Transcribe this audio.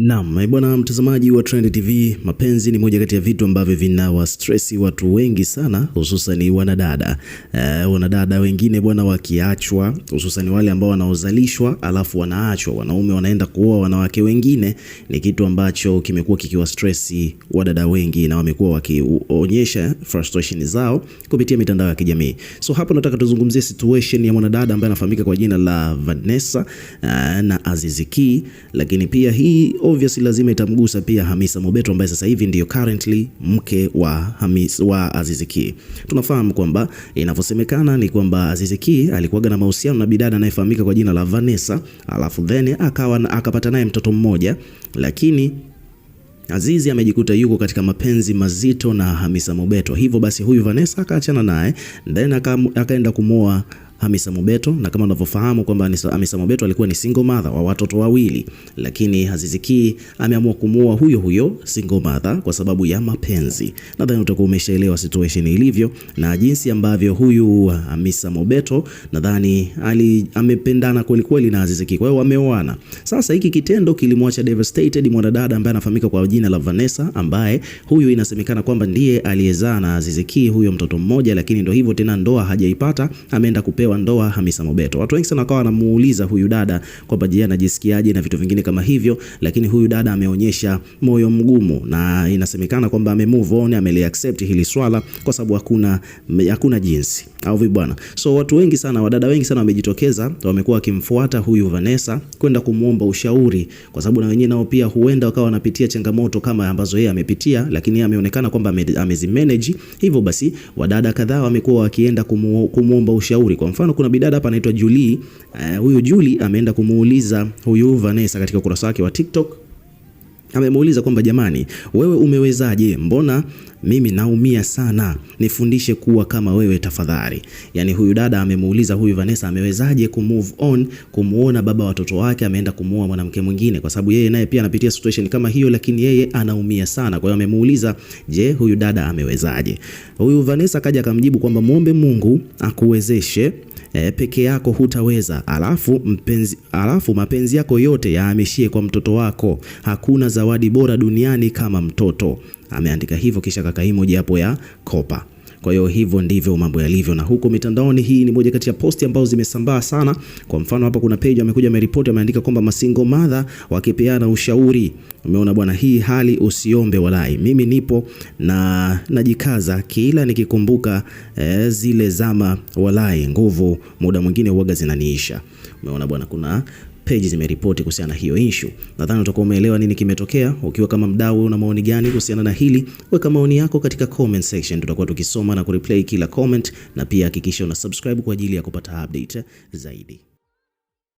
Naam, bwana mtazamaji wa Trend TV, mapenzi ni moja kati ya vitu ambavyo vinawa stress watu wengi sana, hususan wanadada. E, wanadada wengine bwana wakiachwa, hususan wale ambao wanaozalishwa alafu wanaachwa, wanaume wanaenda kuoa wanawake wengine, ni kitu ambacho kimekuwa kikiwa stress wadada wengi na wamekuwa wakionyesha frustration zao kupitia mitandao ya kijamii. So hapo nataka tuzungumzie situation ya mwanadada ambaye anafahamika kwa jina la Vanessa eh, na Aziziki, lakini pia hii obviously lazima itamgusa pia Hamisa Mobeto ambaye sasa hivi ndiyo currently mke wa Hamis, wa Azizi Ki. Tunafahamu kwamba inavyosemekana ni kwamba aziziki alikuwaga na mahusiano na bidada anayefahamika kwa jina la Vanessa, alafu then akawa akapata naye mtoto mmoja, lakini Azizi amejikuta yuko katika mapenzi mazito na Hamisa Mobeto, hivyo basi huyu Vanessa akaachana naye then akaenda kumoa Hamisa Mobeto, na kama unavyofahamu kwamba Hamisa Mobeto alikuwa ni single mother wa watoto wawili, lakini Azizi ameamua kumuoa huyo huyo single mother kwa sababu ya mapenzi. Nadhani utakuwa umeshaelewa situation ilivyo na jinsi ambavyo huyu Hamisa Mobeto nadhani amependana kweli kweli na Azizi kwa hiyo wameoana. Sasa hiki kitendo kilimwacha devastated mwanadada ambaye anafahamika kwa jina la Vanessa, ambaye huyu inasemekana kwamba ndiye aliyezaa na Azizi huyo mtoto mmoja, lakini ndio hivyo tena, ndoa hajaipata, ameenda kupewa wa ndoa Hamisa Mobeto. Watu wengi sana wakawa wanamuuliza huyu dada kwamba je, anajisikiaje na vitu vingine kama hivyo, lakini huyu dada ameonyesha moyo mgumu na inasemekana kwamba ame move on, ameli accept hili swala kwa sababu hakuna hakuna jinsi au vipi bwana. So watu wengi sana, wadada wengi sana wamejitokeza, wamekuwa wakimfuata huyu Vanessa kwenda kumuomba ushauri, kwa sababu na wenyewe nao pia huenda wakawa wanapitia changamoto kama ambazo yeye amepitia, lakini ameonekana kwamba amezimanage. Hivyo basi wadada kadhaa wamekuwa wakienda kumuomba ushauri kwa mfano kuna bidada hapa anaitwa Julie. Uh, eh, huyu Julie ameenda kumuuliza huyu Vanessa katika ukurasa wake wa TikTok amemuuliza kwamba jamani, wewe umewezaje? Mbona mimi naumia sana, nifundishe kuwa kama wewe tafadhali. Yani huyu dada amemuuliza huyu Vanessa amewezaje ku move on, kumuona baba watoto wake ameenda kumuoa mwanamke mwingine, kwa sababu yeye naye pia anapitia situation kama hiyo, lakini yeye anaumia sana. Kwa hiyo amemuuliza, je, huyu dada amewezaje? Huyu Vanessa kaja akamjibu kwamba muombe Mungu akuwezeshe e, peke yako hutaweza. Alafu, mpenzi, alafu mapenzi yako yote yahamishie kwa mtoto wako. Hakuna zawadi bora duniani kama mtoto. Ameandika hivyo kisha kaka emoji hapo ya kopa. Kwa hiyo hivyo ndivyo mambo yalivyo, na huko mitandaoni hii ni moja kati ya posti ambazo zimesambaa sana. Kwa mfano hapa kuna page amekuja ameripoti, ameandika kwamba masingo madha wakipeana ushauri. Umeona bwana, hii hali usiombe walai, mimi nipo na najikaza kila nikikumbuka eh, zile zama walai, nguvu muda mwingine huaga zinaniisha. Umeona bwana, kuna peji zimeripoti kuhusiana na hiyo issue. Nadhani utakuwa umeelewa nini kimetokea. Ukiwa kama mdau, una maoni gani kuhusiana na hili? Weka maoni yako katika comment section, tutakuwa tukisoma na kureplay kila comment, na pia hakikisha una subscribe kwa ajili ya kupata update zaidi.